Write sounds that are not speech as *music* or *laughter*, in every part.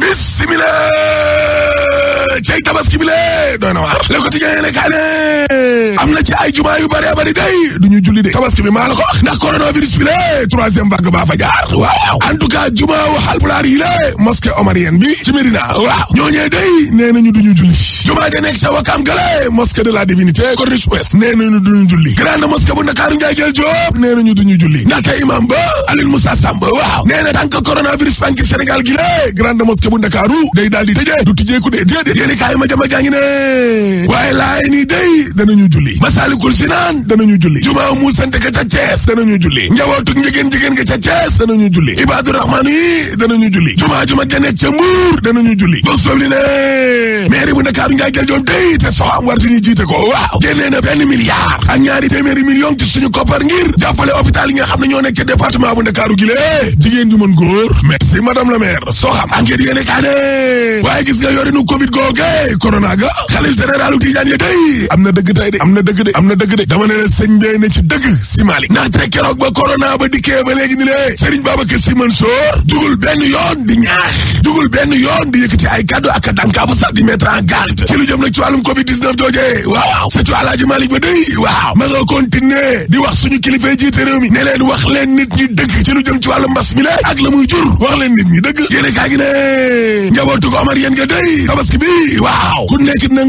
bisimila cay tabaski bi lee doy na waar le quotidien yéene am na ci ay jumaa yu bëree bëri day du ñu julli de tabaski bi maa la ko wax bi lee troisième vague baa fa jaar waaw en wu Haalpulaar yi lee mosquée omarienne bi ci Médina waaw ñooñee day nee nañu du ñu julli jumaa ja nekk ca wakaam gale mosquée de la divinité corniche ouest nee nañu duñu julli grande mosquée bu ndakaaru njaay jël joob nee nañu duñu julli ndaxte imam ba Aliou Moussa Samb waaw nee na tànk coronavirus banque sénégal gi lé grande mosquée bu ndakaaru day daal di tëjee du tijjeeku dee déedéet yéeni kaay ma jama jàngi ne waaye laay nii day danañu julli masalikul sinaan danañu julli jumaa muusante ka ca Thiès danañu julli njawootuk njigéen yi danañu julli julli boog Ndiaye Gueye Diop day te soxam war di ñu jiite ko waaw génnee na benn milliard a ñaari téeméeri million ci suñu koppar ngir jàppale hôpital nga xam ne ñoo nekk ci département bu Ndakaaru gi lée jigéen ju mën góor merci madame la maire soxam enquête yéene kaa ne waaye gis nga yorinu covid googe corona ga xalif général u Tijaan ya day am na dëgg tey de am na dëgg de dama ne la sëñ bee ne ci dëgg si Malick ndaxte keroog ba corona ba dikkee ba léegi ni a ci lu jëm nag ci wàllum covid 19 joojee waaw surtout alaaji Malick ba day waaw ma nga continuer di wax suñu kilifa jiite réew mi ne leen wax leen nit ñi dëgg ci lu jëm ci wàllum mbas mi la ak la muy jur wax leen nit ñi dëgg yéene kaa gi ne njabootu ko amar yéen nga day tabaski bi waaw ku nekk na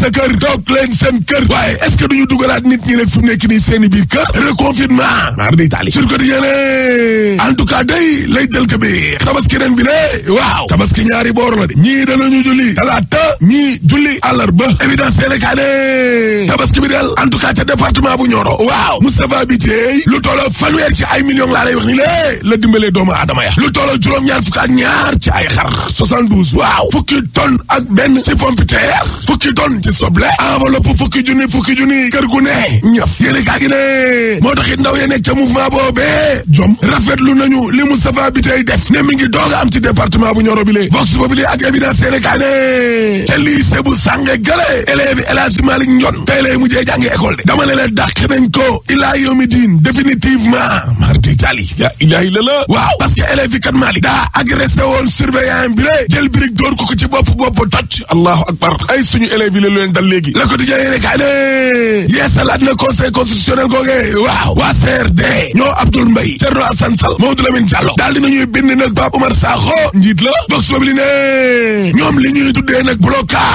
sa kër toog leen seen kër waaye est-ce que duñu dugalaat nit ñi rek fu nekk seeni biir kër reconfinement maar day taali sur côté yéene en tout cas day lay dël ka bi tabaski ren bi ne waaw tabaski ñaari boor la de ñii danañu talaata ñii julli àllarba évidence yéene kaa ne tabaski bi del en tout ca département bu ñooro waaw Moustapha bi tey lu tolloo fanweer ci ay millions laa lay wax ni lée la dimbalee doomu aadama ya lu tolloo juróom-ñaar fukk ak ñaar ci ay xar 72 waaw fukki tonne ak benn ci pompiteer fukki tonne ci soble enveloppe fukki junni fukki junni kër gu neex ñëf yéene kaa gi moo tax it ndaw yee nekk ca mouvement boobee jom rafetlu nañu li Moustapha bi tey def ne mi ngi doog a am département bu Nioro bi lee vox populi ak évidence yéene kaa université bu sànge gëlee élèves El Hadji Malick Ndione tey lay mujjee dama ne la dàq nañ ko ilaa yawmi diin définitivement mardi tali yaa ilaahi waaw parce que élèves yi kat Malick daa agressé woon surveillant bi lé ci bopp bopp toj allahu akbar ay suñu élèves yi la leen dal léegi la ko di jëlee rek ne yeesalaat na conseil constitutionnel googee waaw waa CRD ñoo Abdoul Mbaye Thierno Assane Sall Mamadou Lamine Diallo daal di nañuy bind nag Pape Oumar njiit la box boobu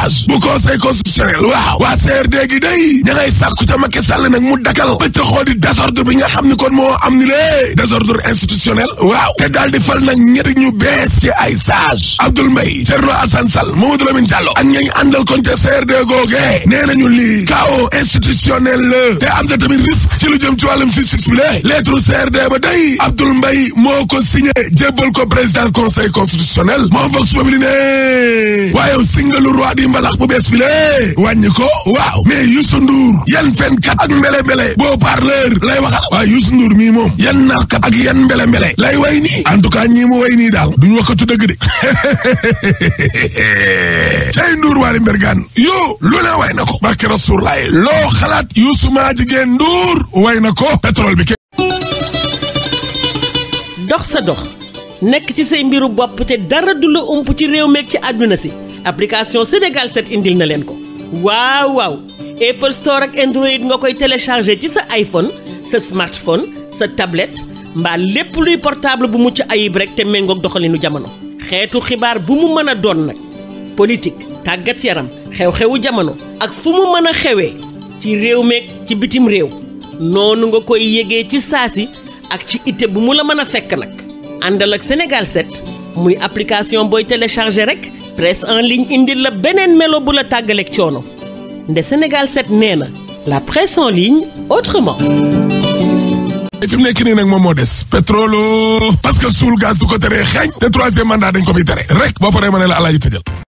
blocage bu conseil constitutionnel waaw waa CRD gi day ña ngay sàkku ca Macky Sall nag mu dakal pëcc xool di désordre bi nga xam ni kon moo am ni lée désordre institutionnel waaw te daal di fal nag ñetti ñu bees ci ay sage Abdoul Mbaye Thierno Alassane Sall Mamadou Lamine Diallo ak ñañ àndal kon ca CRD googee nee nañu lii chaos institutionnel la te am na tamit risque ci lu jëm ci wàllum justice bi le lettre CRD ba day Abdoul Mbaye moo ko signé jébbal ko président conseil constitutionnel moom Vox Populi mbalax bu bees bi lée wàññi ko waaw mais Youssou Ndour yan fenkat ak mbele-mbele boo parleur lay waxal waaw Youssou Ndour mii moom yan narkat ak yan mbele-mbele lay way nii en tout cas ñii mu way nii daal duñu waxatu dëgg de *laughs* cay nduur waali mbergaan yoo lu ne way na ko barke rasul laay loo xalaat Youssou maa jigéen Ndour way na ko pétrole bi dox sa dox nekk ci say mbiru bopp te ci réew meeg ci àdduna application Sénégal set indil na leen ko waaw waaw Apple Store ak Android nga koy télécharger ci sa iPhone sa smartphone sa tablette mbaa lépp luy portable bu mucc ayib rek te méngoog doxalinu jamono. xeetu xibaar bu mu mën a doon nag politique tàggat yaram xew-xewu jamono ak fu mu mën a xewee ci réew meeg ci bitim réew noonu nga koy yégee ci saasi ak ci ite bu mu la mën a fekk nag àndal ak Sénégal set muy application booy télécharger rek. presse en ligne indil la beneen melo bu la tàggaleek coono nde Sénégal 7 nee la presse en ligne autrement. fi mu nekk nii nag moom moo des pétrole parce que suul gaz du ko teree xeeñ te troisième mandat dañ ko fiy tere rek boo paree ma ne la alaaji tëjal